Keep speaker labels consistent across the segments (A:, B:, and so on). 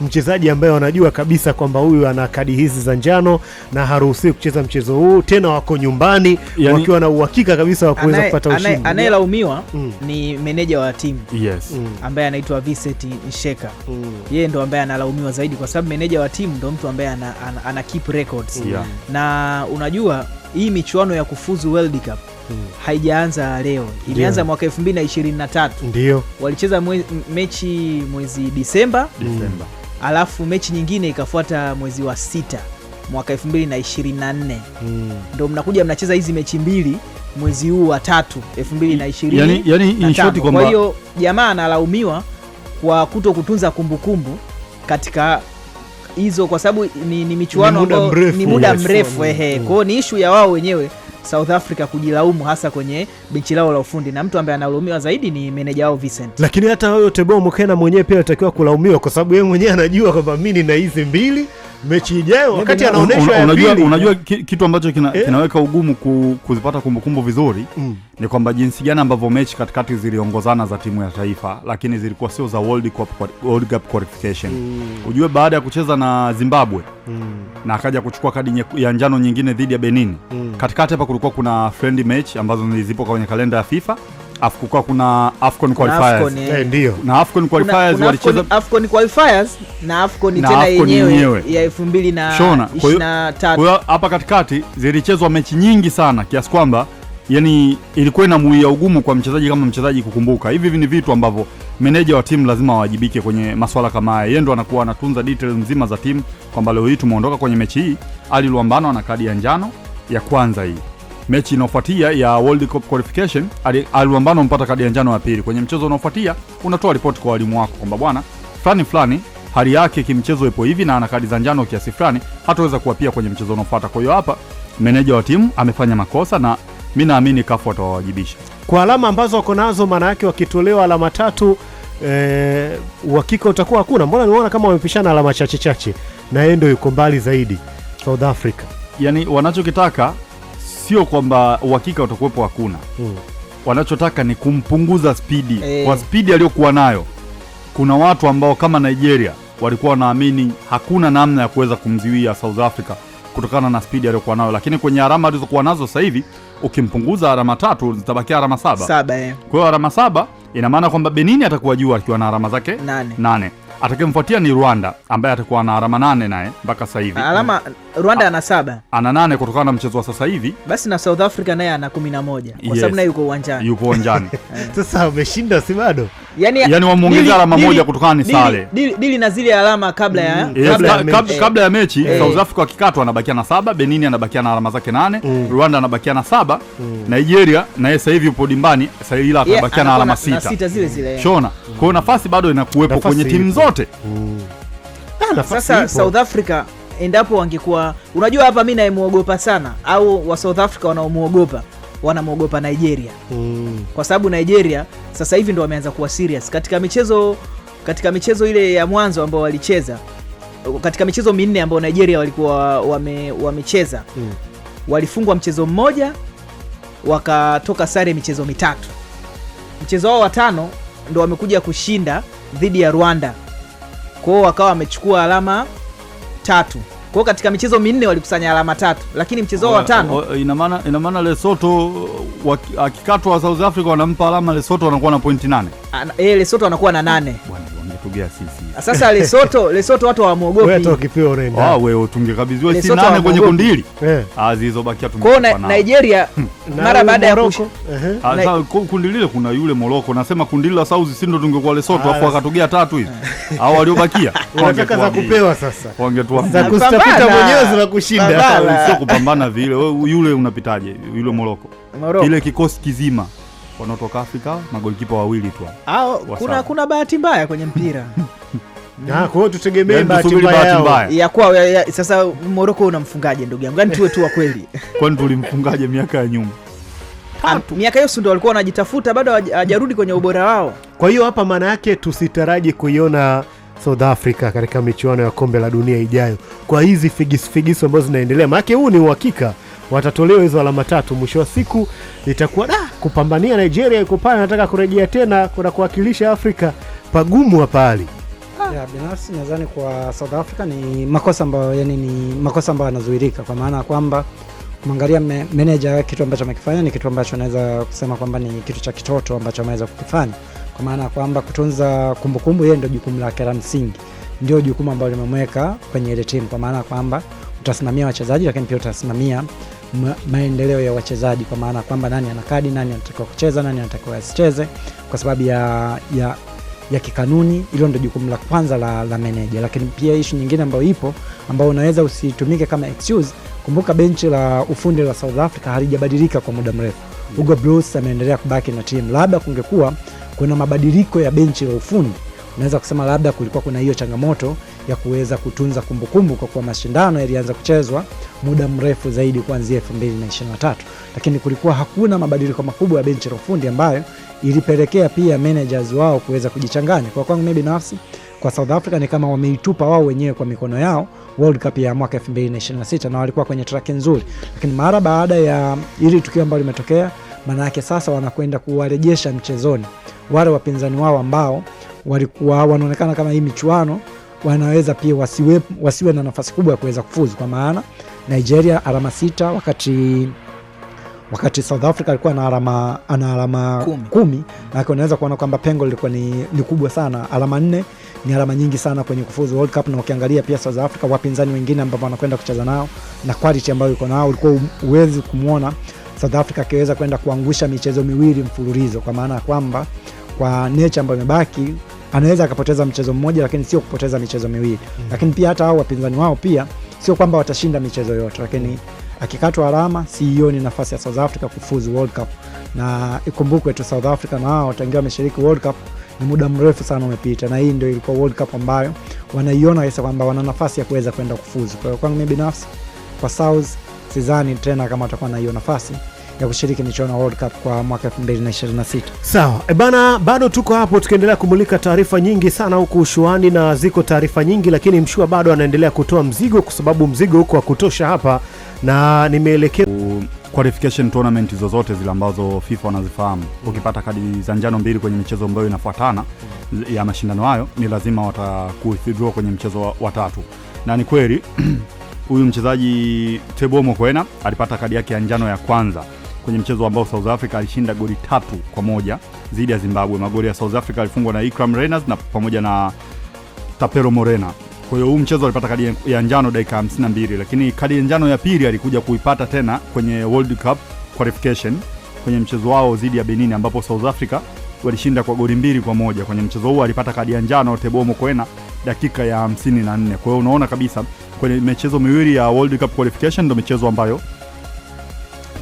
A: mchezaji ambaye wanajua kabisa kwamba huyu ana kadi hizi za njano na haruhusiwi kucheza mchezo huu tena, wako nyumbani yani, wakiwa na uhakika kabisa wa kuweza kupata ushindi.
B: Anayelaumiwa mm. ni meneja wa timu yes. mm. ambaye anaitwa Vincent Nsheka mm. yeye ndo ambaye analaumiwa zaidi, kwa sababu meneja wa timu ndo mtu ambaye ana, ana, ana keep records mm. yeah. na unajua hii michuano ya kufuzu World Cup Hmm. Haijaanza leo, ilianza mwaka 2023 ndio walicheza mwe, mechi mwezi Disemba alafu mechi nyingine ikafuata mwezi wa sita mwaka 2024 mm. ndo mnakuja mnacheza hizi mechi mbili mwezi huu wa tatu 2025. Yani, kwa hiyo jamaa analaumiwa kwa kuto kutunza kumbukumbu kumbu katika hizo, kwa sababu ni, ni michuano ni muda mrefu, mrefu ehe, mm. kwa ni ishu ya wao wenyewe South Africa kujilaumu hasa kwenye benchi lao la ufundi, na mtu ambaye analaumiwa zaidi ni meneja wao Vincent.
A: Lakini hata huyo tebo Mokena mwenyewe pia anatakiwa kulaumiwa, kwa sababu yeye mwenyewe anajua kwamba mimi nina hizi mbili mechi ijayo wakati anaonyeshwa ya unajua,
C: Unajua kitu ambacho kina, eh, kinaweka ugumu ku, kuzipata kumbukumbu vizuri mm, ni kwamba jinsi gani ambavyo mechi katikati ziliongozana za timu ya taifa, lakini zilikuwa sio za World Cup, World Cup qualification mm. Ujue baada ya kucheza na Zimbabwe mm, na akaja kuchukua kadi ya njano nyingine dhidi ya Benin mm, katikati hapa kulikuwa kuna friendly match ambazo zilizipo kwenye kalenda ya FIFA afu kuna Afcon qualifiers eh. Eh, ndio, na Afcon qualifiers walicheza
B: Afcon qualifiers na Afcon tena yenyewe ya 2023. Kwa
C: hiyo hapa katikati zilichezwa mechi nyingi sana kiasi kwamba yani ilikuwa inamuia ugumu kwa mchezaji kama mchezaji kukumbuka. Hivi ni vitu ambavyo meneja wa timu lazima awajibike kwenye masuala kama haya. Yeye ndo anakuwa anatunza details nzima za timu, kwamba leo hii tumeondoka kwenye mechi hii, Ali Luambano ana kadi ya njano ya kwanza hii mechi inayofuatia ya World Cup qualification alipambana mpata kadi ya njano ya pili. Kwenye mchezo unaofuatia unatoa ripoti kwa walimu wako kwamba bwana fulani fulani hali yake kimchezo ipo hivi na ana kadi za njano kiasi fulani, hataweza kuwa pia kwenye mchezo unaofuata. Kwa hiyo hapa meneja wa timu amefanya makosa na mi naamini kafu atawawajibisha
A: kwa alama ambazo wako nazo, maana yake wakitolewa alama tatu eh, uhakika e, utakuwa hakuna. Mbona niona kama wamepishana alama chache chache, na yeye ndio yuko mbali zaidi South Africa.
C: Yani wanachokitaka sio kwamba uhakika utakuwepo, hakuna mm. Wanachotaka ni kumpunguza spidi e. Kwa spidi aliyokuwa nayo, kuna watu ambao kama Nigeria walikuwa wanaamini hakuna namna ya kuweza kumziwia South Africa kutokana na spidi aliyokuwa nayo, lakini kwenye arama alizokuwa nazo sasa hivi ukimpunguza arama tatu zitabakia arama saba,
B: saba eh. Kwa
C: hiyo alama saba ina maana kwamba Benini atakuwa juu akiwa na arama zake nane, nane. atakemfuatia ni Rwanda ambaye atakuwa na arama nane naye mpaka sasa hivi
B: alama Rwanda ah, ana saba,
C: ana nane kutokana na mchezo wa sasa hivi,
B: basi na South Africa naye ana kumi na moja kwa sababu naye yuko uwanjani,
C: yuko uwanjani.
A: Eh. Sasa umeshinda si bado?
C: Yani, yani wamuongeza alama moja kutokana ni sale
B: dili na zile alama kabla ya mm.
C: yes, kabla ya mechi. hey. Eh. South Africa akikatwa anabakia na saba, Benin anabakia na alama zake nane, mm. Rwanda anabakia na saba, mm. Nigeria na sasa hivi yupo dimbani sasa, ila anabakia na alama sita zile zile, shona kwa nafasi bado inakuwepo kwenye timu zote.
A: Mm.
B: Ah, sasa South Africa endapo wangekuwa, unajua hapa mi naemuogopa sana au wa South Africa wanaomuogopa wanamwogopa Nigeria mm. kwa sababu Nigeria sasa hivi ndo wameanza kuwa serious katika michezo, katika michezo ile ya mwanzo ambao walicheza katika michezo minne ambayo Nigeria walikuwa wame, wamecheza mm. walifungwa mchezo mmoja wakatoka sare michezo mitatu. Mchezo wao watano ndo wamekuja kushinda dhidi ya Rwanda, kwao wakawa wamechukua alama tatu kwao katika michezo minne walikusanya alama tatu, lakini mchezo wao wa tano,
C: ina maana uh, akikatwa South Africa wanampa alama lesoto wanakuwa na pointi nane.
B: Eh, lesoto Lesotho wanakuwa na nane.
C: Bwana wametutugea sisi.
B: Ah, sasa Lesotho, Lesotho watu hawamuogopi. Wewe
A: hata ukipewa unaenda.
C: Ah, wewe tungekabidhiwa si nane kwenye kundi hili. Eh. Ah, zilizobakia tumekufa. Kwa
B: Nigeria hmm. mara baada ya kusha.
C: Ah, kundi lile kuna yule Morocco, nasema kundi la Saudi si ndo tungekuwa Lesotho ah. afu akatogea tatu hizi. Au waliobakia.
A: Wanataka za kupewa sasa. Wangetua. Za kustafuta mwenyewe kushinda.
C: Sio kupambana vile. Wewe yule unapitaje? Yule Morocco. Ile kikosi kizima wanaotoka Afrika magolikipa wawili tu.
B: Kuna, kuna bahati mbaya kwenye mpira
A: ah, kwa hiyo tutegemee yaani
B: ya Sasa Moroko unamfungaje ndugu yangu? Yani tuwe tu wa kweli,
C: kwani tulimfungaje miaka ya nyuma?
B: Miaka hiyo ndio walikuwa wanajitafuta, bado hawajarudi kwenye ubora wao.
A: Kwa hiyo hapa maana yake tusitaraji kuiona South Africa katika michuano ya kombe la dunia ijayo kwa hizi figisfigiso ambazo zinaendelea, maanake huu ni uhakika watatolewa hizo alama tatu, mwisho wa siku itakuwa kupambania Nigeria iko pale, anataka kurejea tena kuna kuwakilisha Afrika, pagumu hapa hali
D: ya binafsi. Nadhani kwa South Africa ni makosa ambayo, yani ni makosa ambayo yanazuirika, kwa maana ya kwamba mwangalia meneja, kitu ambacho amekifanya ni kitu ambacho anaweza kusema kwamba ni kitu cha kitoto ambacho ameweza kukifanya, kwa maana ya kwamba kutunza kumbukumbu, yeye ndio jukumu lake la msingi, ndio jukumu ambalo limemweka kwenye ile timu, kwa maana ya kwamba utasimamia wachezaji, lakini pia utasimamia ma maendeleo ya wachezaji, kwa maana kwamba nani ana kadi, nani anatakiwa kucheza, nani anatakiwa asicheze, kwa sababu ya, ya, ya kikanuni. ilo ndo jukumu la kwanza la, la meneja, lakini pia ishu nyingine ambayo ipo ambayo unaweza usitumike kama excuse. Kumbuka benchi la ufundi la South Africa halijabadilika kwa muda mrefu. Hugo Bruce ameendelea kubaki na timu. Labda kungekuwa kuna mabadiliko ya benchi la ufundi, unaweza kusema labda kulikuwa kuna hiyo changamoto ya kuweza kutunza kumbukumbu, kwa kuwa mashindano yalianza kuchezwa muda mrefu zaidi kuanzia 2023 lakini kulikuwa hakuna mabadiliko makubwa ya benchi la ufundi ambayo ilipelekea pia managers wao kuweza kujichanganya. Kwa kwangu mimi binafsi, kwa South Africa ni kama wameitupa wao wenyewe kwa mikono yao World Cup ya mwaka 2026 na walikuwa kwenye track nzuri, lakini mara baada ya ili tukio ambalo limetokea, maana yake sasa wanakwenda kuwarejesha mchezoni wale wapinzani wao ambao walikuwa wanaonekana kama hii michuano wanaweza pia wasiwe, wasiwe na nafasi kubwa ya kuweza kufuzu, kwa maana Nigeria alama sita wakati wakati South Africa alikuwa na alama ana alama kumi, kumi unaweza kuona kwamba pengo lilikuwa ni, ni kubwa sana. Alama nne ni alama nyingi sana kwenye kufuzu World Cup, na ukiangalia pia South Africa, wapinzani wengine ambao wanakwenda kucheza nao na quality ambayo iko nao, ulikuwa uwezi kumwona South Africa akiweza kwenda kuangusha michezo miwili mfululizo, kwa maana ya kwamba kwa nature ambayo imebaki anaweza akapoteza mchezo mmoja, lakini sio kupoteza michezo miwili mm. Lakini pia hata hao wapinzani wao pia sio kwamba watashinda michezo yote, lakini akikatwa alama, siioni e nafasi ya South Africa kufuzu World Cup. Na ikumbukwe tu South Africa na wao tangia wameshiriki World Cup ni muda mrefu sana umepita, na hii ndio ilikuwa World Cup ambayo wanaiona kabisa kwamba wana nafasi ya kuweza kwenda kufuzu. Kwa hiyo kwangu mimi binafsi, kwa South sidhani tena kama watakuwa na hiyo nafasi ya kushiriki michuano World Cup kwa mwaka 2026.
A: Sawa e bana, bado tuko hapo tukiendelea kumulika taarifa nyingi sana huku ushuani, na ziko taarifa nyingi, lakini mshua bado anaendelea kutoa mzigo, kwa sababu mzigo huko wa kutosha hapa, na nimeelekea
C: qualification tournament zozote zile ambazo FIFA wanazifahamu, mm. ukipata kadi za njano mbili kwenye michezo ambayo inafuatana mm. ya mashindano hayo, ni lazima watakuwithdraw kwenye mchezo wa tatu, na ni kweli huyu mchezaji Tebogo Mokoena alipata kadi yake ya njano ya kwanza kwenye mchezo ambao South Africa alishinda goli tatu kwa moja dhidi ya Zimbabwe. Magoli ya South Africa alifungwa na Ikram Reyners na pamoja na Tapero Morena. Kwa hiyo huu mchezo alipata kadi ya njano dakika 52, lakini kadi ya njano ya pili alikuja kuipata tena kwenye World Cup qualification kwenye mchezo wao dhidi ya Benin ambapo South Africa walishinda kwa goli mbili kwa moja. Kwenye mchezo huo alipata kadi ya njano Tebogo Mokoena dakika ya 54. Kwa hiyo unaona kabisa kwenye michezo miwili ya World Cup qualification ndio michezo ambayo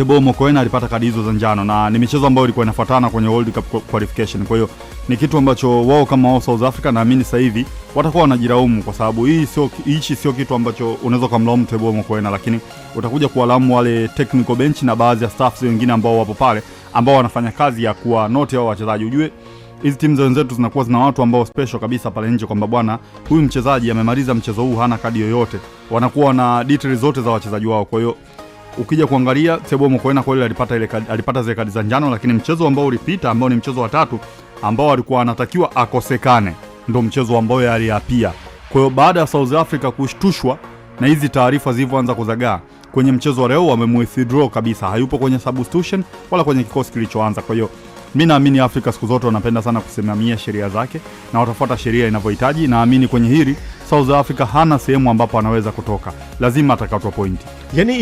C: Tebo Mokoena alipata kadi hizo za njano na ni michezo ambayo ilikuwa inafuatana kwenye World Cup qualification. Kwa hiyo ni kitu ambacho wao kama wao South Africa naamini sasa hivi watakuwa wanajilaumu kwa sababu hii sio hichi sio kitu ambacho unaweza kumlaumu Tebo Mokoena, lakini utakuja kuwalaumu wale technical bench na baadhi ya staffs wengine ambao wapo pale ambao wanafanya kazi ya kuwa note hao wachezaji ujue hizi timu za wenzetu zinakuwa zina watu ambao special kabisa pale nje, kwamba bwana, huyu mchezaji amemaliza mchezo huu, hana kadi yoyote. Wanakuwa na details zote za wachezaji wao, kwa hiyo ukija kuangalia Tebo Mokoena kweli alipata ile alipata zile kadi za njano, lakini mchezo ambao ulipita ambao ni mchezo wa tatu ambao alikuwa anatakiwa akosekane ndo mchezo ambao aliapia Kwa hiyo baada ya South Africa kushtushwa na hizi taarifa zilivyoanza kuzagaa kwenye mchezo wa leo, wamemwithdraw kabisa, hayupo kwenye substitution wala kwenye kikosi kilichoanza. Kwa hiyo Mi naamini Afrika siku zote wanapenda sana kusimamia sheria zake na watafuata sheria inavyohitaji. Naamini kwenye hili South Africa hana sehemu ambapo anaweza kutoka, lazima atakatwa pointi.
A: Yani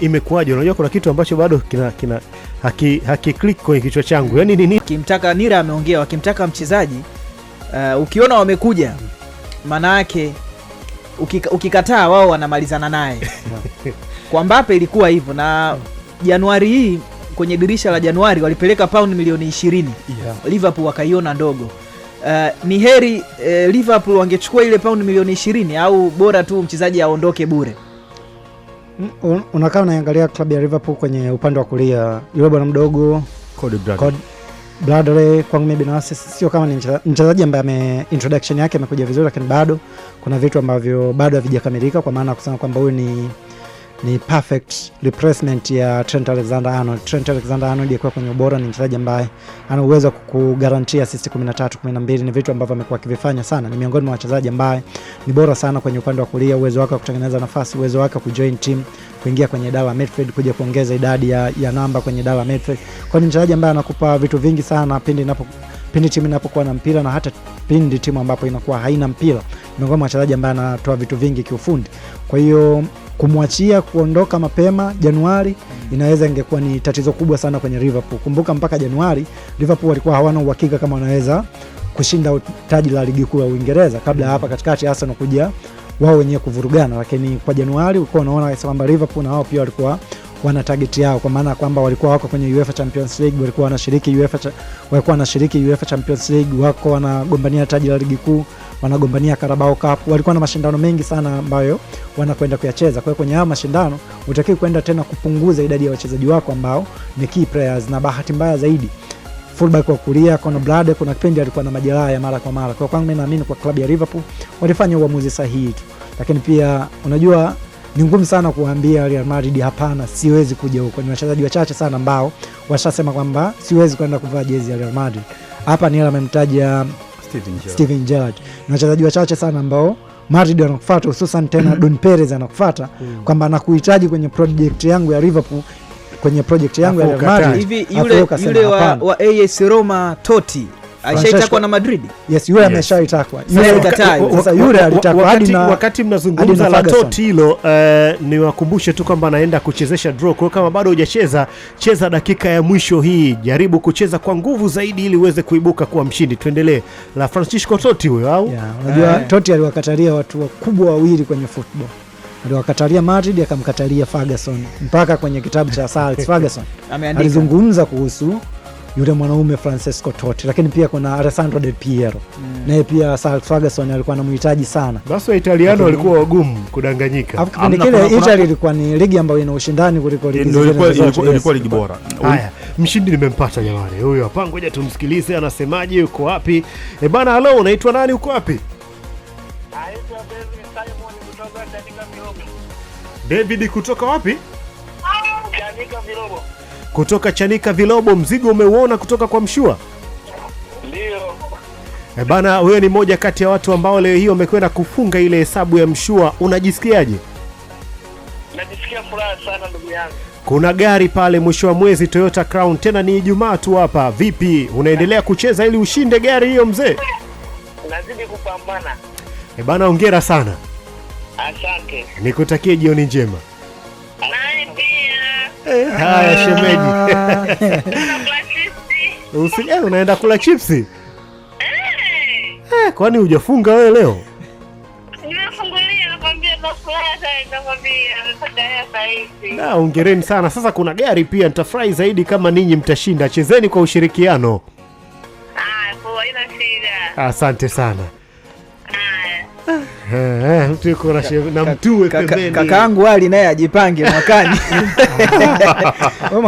A: imekuaje Ime, unajua kuna kitu ambacho bado kina, kina haki, haki kwenye kichwa changu
B: yani nini? kimtaka Nira ameongea, wakimtaka mchezaji uh, ukiona wamekuja maana yake ukika, ukikataa wao wanamalizana naye kwa mbape ilikuwa hivyo na Januari hii kwenye dirisha la Januari walipeleka paundi milioni ishirini yeah. Liverpool wakaiona ndogo. Uh, ni heri eh, Liverpool wangechukua ile paundi milioni ishirini au bora tu mchezaji aondoke bure.
D: Mm, un, unakaa unaangalia klabu ya Liverpool kwenye upande wa kulia, yule bwana mdogo Cody Bradley, kwangu mimi binafsi sio kama ni mchezaji ambaye ame introduction yake amekuja vizuri, lakini bado kuna vitu ambavyo bado havijakamilika, kwa maana ya kusema kwamba huyu ni ni perfect replacement ya Trent Alexander-Arnold. Trent Alexander-Arnold akiwa kwenye ubora ni mchezaji ambaye ana uwezo wa kukugarantia assist 13, 12. Ni vitu ambavyo amekuwa akivifanya sana. Ni miongoni mwa wachezaji ambaye ni bora sana kwenye upande wa kulia, uwezo wake wa kutengeneza nafasi, uwezo wake wa kujoin team, kuingia kwenye idara midfield, kuja kuongeza idadi ya, ya namba kwenye idara midfield. Kwa ni mchezaji ambaye anakupa vitu vingi sana pindi inapo pindi timu inapokuwa na mpira na hata pindi timu ambapo inakuwa haina mpira. Miongoni mwa wachezaji ambaye anatoa vitu vingi kiufundi. Kwa hiyo kumwachia kuondoka mapema Januari inaweza ingekuwa ni tatizo kubwa sana kwenye Liverpool. Kumbuka mpaka Januari Liverpool walikuwa hawana uhakika kama wanaweza kushinda taji la ligi kuu ya Uingereza kabla ya hapa katikati Arsenal kuja wao wenyewe kuvurugana, lakini kwa Januari ulikuwa unaona kwamba Liverpool na wao pia walikuwa wana target yao, kwa maana kwamba walikuwa wako kwenye UEFA Champions League, walikuwa wanashiriki UEFA cha, walikuwa wanashiriki UEFA Champions League, wako wanagombania taji la ligi kuu, wanagombania Carabao Cup, walikuwa na mashindano mengi sana ambayo wanakwenda kuyacheza. Kwa hiyo kwenye haya mashindano utakiwa kwenda tena kupunguza idadi ya wachezaji wako ambao ni key players, na bahati mbaya zaidi fullback wa kulia Conor Blade kuna kipindi alikuwa na majeraha ya mara kwa mara. Kwa kwangu mimi naamini kwa klabu ya Liverpool walifanya uamuzi sahihi tu, lakini pia unajua ni ngumu sana kuwambia Real Madrid hapana, siwezi kuja huko. Ni wachezaji wachache sana ambao washasema kwamba siwezi kwenda kuvaa jezi ya Real Madrid. Hapa ni amemtaja Steven Gerrard. Ni wachezaji wachache sana ambao Madrid anakufuata, hususan tena hmm. Don Perez anakufuata hmm. kwamba anakuhitaji kwenye project yangu ya Liverpool kwenye project yangu ya Real Madrid.
B: Hivi yule, yule wa, wa AS Roma Totti Alishaitaka na Madrid.
D: Yes, yule ameshaitakwa.
A: Sasa yule alitakwa hadi na wakati mnazungumza la toti hilo uh, niwakumbushe tu kwamba anaenda kuchezesha draw. Kwa kama bado hujacheza, cheza dakika ya mwisho hii. Jaribu kucheza kwa nguvu zaidi ili uweze kuibuka kuwa mshindi. Tuendelee. La Francisco Totti huyo au?
D: Unajua yeah, Totti aliwakatalia watu wakubwa wawili kwenye football. Aliwakatalia Madrid akamkatalia Ferguson mpaka kwenye kitabu cha Sir Alex Ferguson. Alizungumza kuhusu yule mwanaume Francesco Totti, lakini pia kuna Alessandro Del Piero mm. naye pia Sir Ferguson alikuwa anamhitaji sana.
A: Basi Waitaliano walikuwa wagumu kudanganyika.
D: Kipindi kile Italy ilikuwa ni ligi ambayo ina ushindani
C: kuliko ligi zingine, ilikuwa ligi bora.
A: Haya, mshindi nimempata jamani, huyo hapa, ngoja tumsikilize anasemaje, yuko wapi? E bana, halo, unaitwa nani, uko wapi? David kutoka wapi?
E: Chanika Virobo
A: kutoka Chanika Vilobo, mzigo umeuona kutoka kwa Mshua? Ndio. E bana, wewe ni moja kati ya watu ambao leo hii wamekwenda kufunga ile hesabu ya Mshua, unajisikiaje?
E: Najisikia furaha sana ndugu yangu.
A: Kuna gari pale mwisho wa mwezi Toyota Crown, tena ni Ijumaa tu hapa. Vipi, unaendelea kucheza ili ushinde gari hiyo mzee?
E: Nazidi kupambana.
A: E bana, hongera sana.
E: Asante.
A: Nikutakie jioni njema. Haya ah. shemeji, usije eh, unaenda kula chipsi? Eh. Eh, kwani hujafunga wewe leo? Na ongereni sana. Sasa kuna gari pia, nitafurahi zaidi kama ninyi mtashinda. Chezeni kwa ushirikiano. Ah, Asante sana. Ah. Eh, eh, mtu na, mtue pembeni.
B: Kakaangu Ali naye ajipange mwakani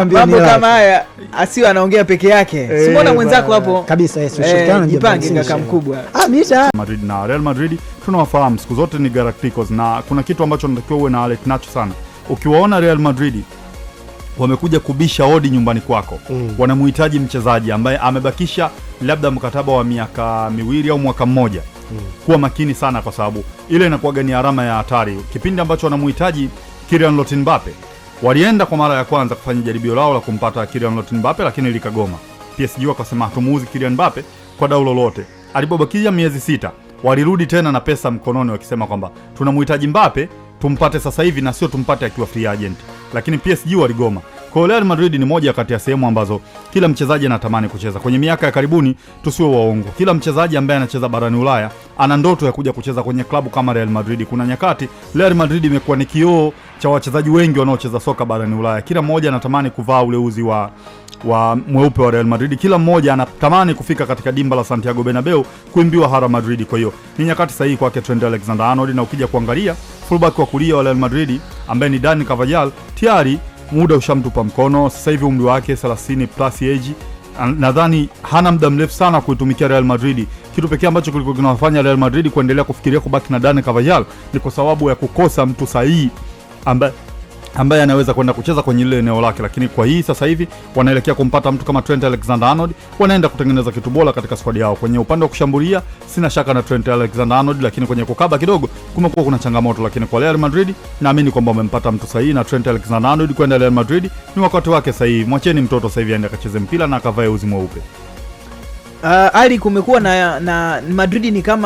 B: mambo kama haya, asiwe anaongea peke yake, eh, simona mwenzako hapo
A: kabisa. Yesu shetani, jipange kaka mkubwa.
B: Ah, misha
C: Madrid na Real Madrid tunawafahamu siku zote ni Galacticos, na kuna kitu ambacho natakiwa uwe na alert nacho sana. Ukiwaona Real Madrid wamekuja kubisha hodi nyumbani kwako mm. Wanamhitaji mchezaji ambaye amebakisha labda mkataba wa miaka miwili au mwaka mmoja mm. kuwa makini sana, kwa sababu ile inakuwaga ni alama ya hatari kipindi ambacho wanamuhitaji Kylian Mbappe. Walienda kwa mara ya kwanza kufanya jaribio lao la kumpata Kylian Mbappe, lakini likagoma. PSG wakasema hatumuuzi Kylian Mbappe kwa dau lolote. Alipobakia miezi sita, walirudi tena na pesa mkononi, wakisema kwamba tunamhitaji Mbappe tumpate sasa hivi na sio tumpate akiwa free agent, lakini PSG waligoma. Kwa Real Madrid ni moja kati ya sehemu ambazo kila mchezaji anatamani kucheza. Kwenye miaka ya karibuni, tusiwe waongo, kila mchezaji ambaye anacheza barani Ulaya ana ndoto ya kuja kucheza kwenye klabu kama Real Madrid. Kuna nyakati Real Madrid imekuwa ni kioo cha wachezaji wengi wanaocheza soka barani Ulaya. Kila mmoja anatamani kuvaa ule uzi wa wa mweupe wa Real Madrid. Kila mmoja anatamani kufika katika dimba la Santiago Bernabeu kuimbiwa Hara Madrid. Kwa hiyo ni nyakati sahihi kwake Trent Alexander-Arnold, na ukija kuangalia fullback wa kulia wa Real Madrid ambaye ni Dani Carvajal tayari muda ushamtupa mkono. Sasa hivi umri wake 30 plus age, nadhani hana muda mrefu sana kuitumikia Real Madrid. Kitu pekee ambacho kilikuwa kinawafanya Real Madrid kuendelea kufikiria kubaki na Dani Carvajal ni kwa sababu ya kukosa mtu sahihi ambaye ambaye anaweza kwenda kucheza kwenye lile eneo lake, lakini kwa hii sasa hivi wanaelekea kumpata mtu kama Trent Alexander-Arnold, wanaenda kutengeneza kitu bora katika squad yao. Kwenye upande wa kushambulia sina shaka na Trent Alexander-Arnold, lakini kwenye kukaba kidogo kumekuwa kuna changamoto, lakini kwa Real Madrid naamini kwamba wamempata mtu sahihi, na Trent Alexander-Arnold kwenda Real Madrid ni wakati wake sahihi. Mwacheni mtoto sasa hivi aende akacheze mpira na akavae uzi mweupe. Uh, ah, ali kumekuwa na, na Madrid ni kama